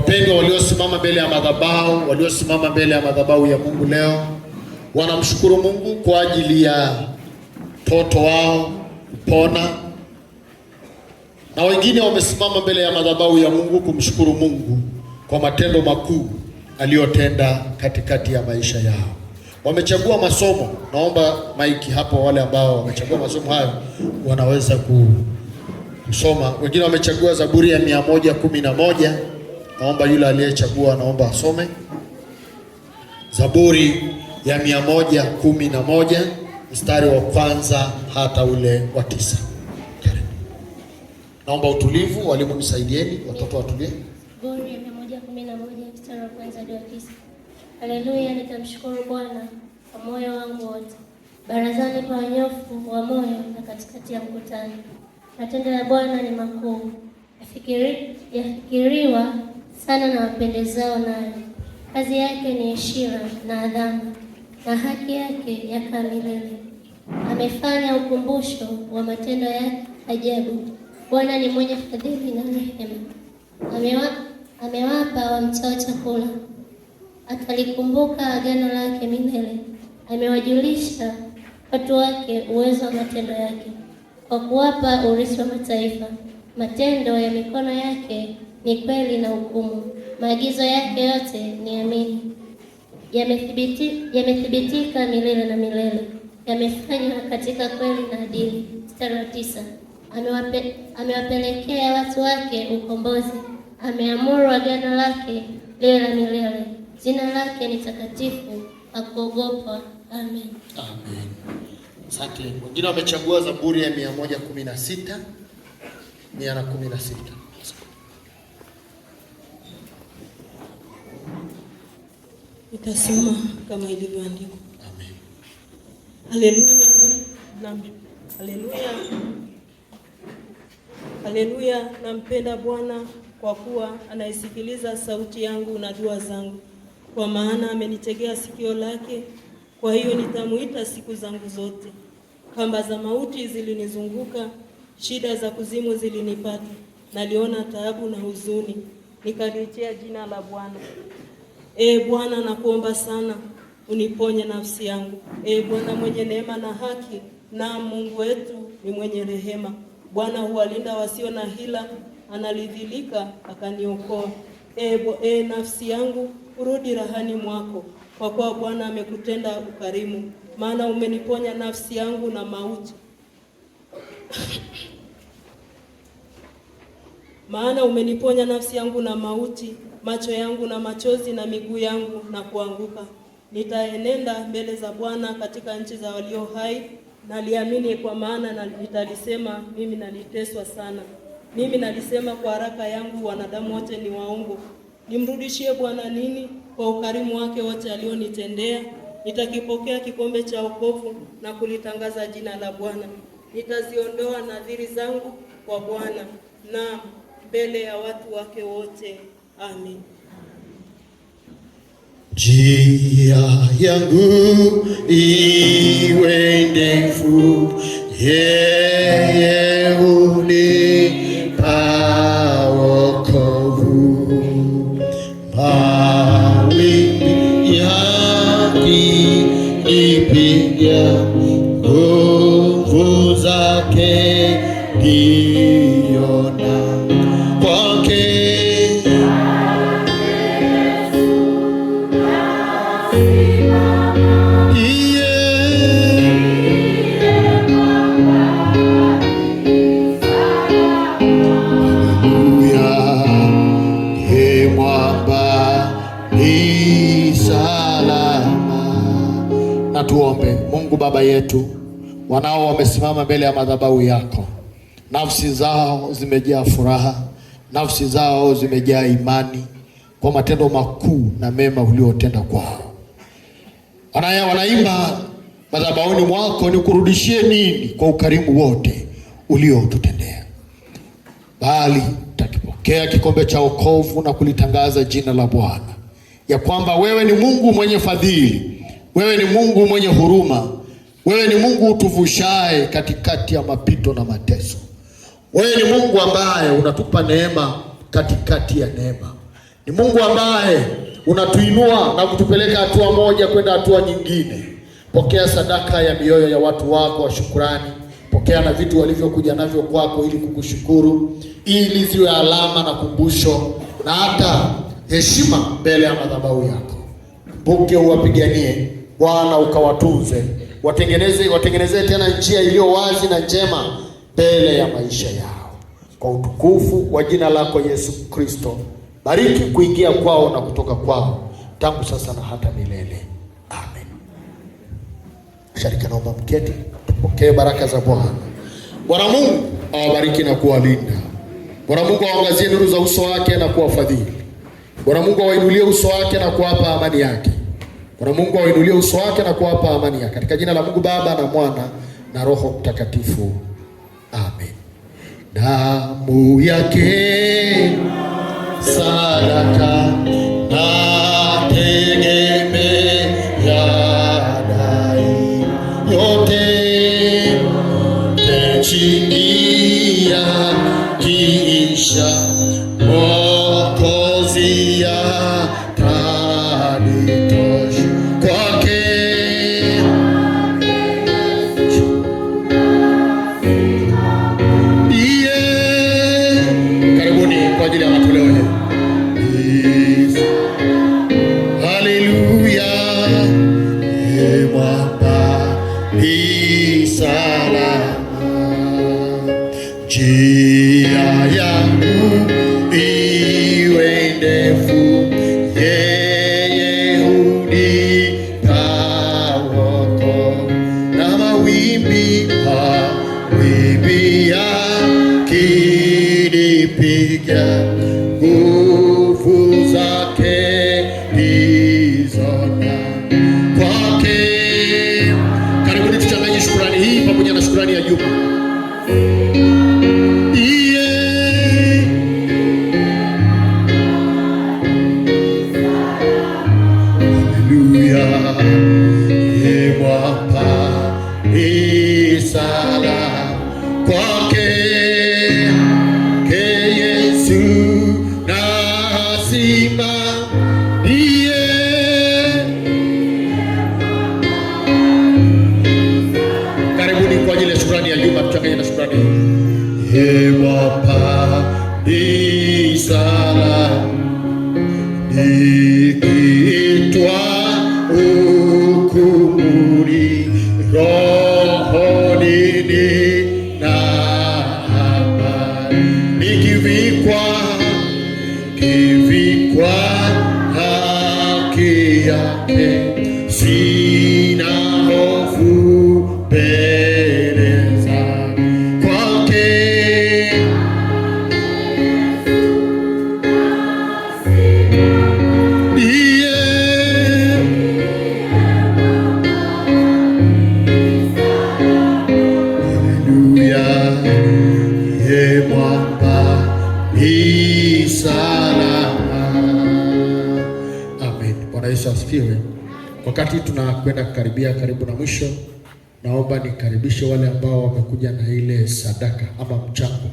Wapendwa waliosimama mbele ya madhabahu, waliosimama mbele ya madhabahu ya Mungu leo wanamshukuru Mungu kwa ajili ya mtoto wao kupona, na wengine wamesimama mbele ya madhabahu ya Mungu kumshukuru Mungu kwa matendo makuu aliyotenda katikati ya maisha yao. Wamechagua masomo, naomba maiki hapo. Wale ambao wamechagua masomo hayo wanaweza kusoma. Wengine wamechagua Zaburi ya mia moja kumi na moja Naomba yule aliyechagua, naomba asome Zaburi ya mia moja kumi na moja mstari wa kwanza hata ule wa tisa. Naomba utulivu, walimu nisaidieni watoto watulie. Zaburi ya mia mstari wa kwanza hadi wa tisa. Haleluya, nitamshukuru Bwana kwa moyo wangu wote, barazani kwa wanyofu wa moyo na katikati ya mkutano. Matendo ya Bwana ni makuu, yafikiriwa sana na wapendezao nayo. Kazi yake ni heshima na adhamu na haki yake yakaa milele. Amefanya ukumbusho wa matendo ya ajabu. Bwana ni mwenye fadhili na rehema. Amewa, amewapa wamchao chakula, akalikumbuka agano lake milele. Amewajulisha watu wake uwezo wa matendo yake, kwa kuwapa urithi wa mataifa matendo ya mikono yake ni kweli na hukumu. Maagizo yake yote ni amini, yamethibitika yamethibiti milele na milele, yamefanywa katika kweli na adili. Mstari wa tisa, amewapelekea watu wake ukombozi, ameamuru agano lake liwe la milele. Jina lake ni takatifu la kuogopwa. Amen, amen. Asante. Wengine wamechagua Zaburi ya mia moja kumi na sita mia na kumi na sita. nitasema kama ilivyoandikwa. Amen. Haleluya. Haleluya. Haleluya. Nampenda Bwana kwa kuwa anaisikiliza sauti yangu na dua zangu, kwa maana amenitegea sikio lake. Kwa hiyo nitamuita siku zangu zote. Kamba za mauti zilinizunguka, shida za kuzimu zilinipata, naliona taabu na huzuni, nikaliitia jina la Bwana. E Bwana, nakuomba sana uniponye nafsi yangu. E Bwana mwenye neema na haki, na Mungu wetu ni mwenye rehema. Bwana huwalinda wasio na hila, analidhilika akaniokoa. Ee e, nafsi yangu urudi rahani mwako, kwa kuwa Bwana amekutenda ukarimu, maana umeniponya nafsi yangu na mauti maana umeniponya nafsi yangu na mauti macho yangu na machozi na miguu yangu na kuanguka. Nitaenenda mbele za Bwana katika nchi za walio hai, naliamini kwa maana na nitalisema, mimi naliteswa sana, mimi nalisema kwa haraka yangu, wanadamu wote ni waongo. Nimrudishie Bwana nini kwa ukarimu wake wote alionitendea? Nitakipokea kikombe cha wokovu na kulitangaza jina la Bwana. Nitaziondoa nadhiri zangu kwa Bwana, na mbele ya watu wake wote. Amen. Njia yangu iwe ndefu, yeye unipa wokovu. Mawimbi yakinipiga, nguvu zake niliona tuombe. Mungu Baba yetu, wanao wamesimama mbele ya madhabahu yako, nafsi zao zimejaa furaha, nafsi zao zimejaa imani kwa matendo makuu na mema uliotenda kwao. Wanaya wanaimba madhabahuni mwako, ni kurudishie nini kwa ukarimu wote uliotutendea? Bali takipokea kikombe cha wokovu na kulitangaza jina la Bwana, ya kwamba wewe ni Mungu mwenye fadhili wewe ni Mungu mwenye huruma. Wewe ni Mungu utuvushaye katikati ya mapito na mateso. Wewe ni Mungu ambaye unatupa neema katikati ya neema. Ni Mungu ambaye unatuinua na kutupeleka hatua moja kwenda hatua nyingine. Pokea sadaka ya mioyo ya watu wako wa shukrani. Pokea na vitu walivyokuja navyo kwako ili kukushukuru, ili ziwe alama na kumbusho na hata heshima mbele ya madhabahu yako. mbuke uwapiganie Bwana ukawatunze, watengeneze watengenezee tena njia iliyo wazi na njema mbele ya maisha yao, kwa utukufu wa jina lako Yesu Kristo. Bariki kuingia kwao na kutoka kwao, tangu sasa na hata milele. Amen. Sharika, naomba mketi, tupokee baraka za Bwana. Bwana Mungu awabariki na kuwalinda. Bwana Mungu awaangazie nuru za uso wake na kuwafadhili. Bwana Mungu awainulie uso wake na kuwapa amani yake. Bwana Mungu awainulie uso wake na kuwapa amani yake, katika jina la Mungu Baba na Mwana na Roho Mtakatifu, amen. Damu yake sadaka Salama, njia yangu iwe ndefu, yeye hunikaoko na Redeemer. mwamba Yesu Wakati tunakwenda kukaribia karibu na mwisho, naomba nikaribishe wale ambao wamekuja na ile sadaka ama mchango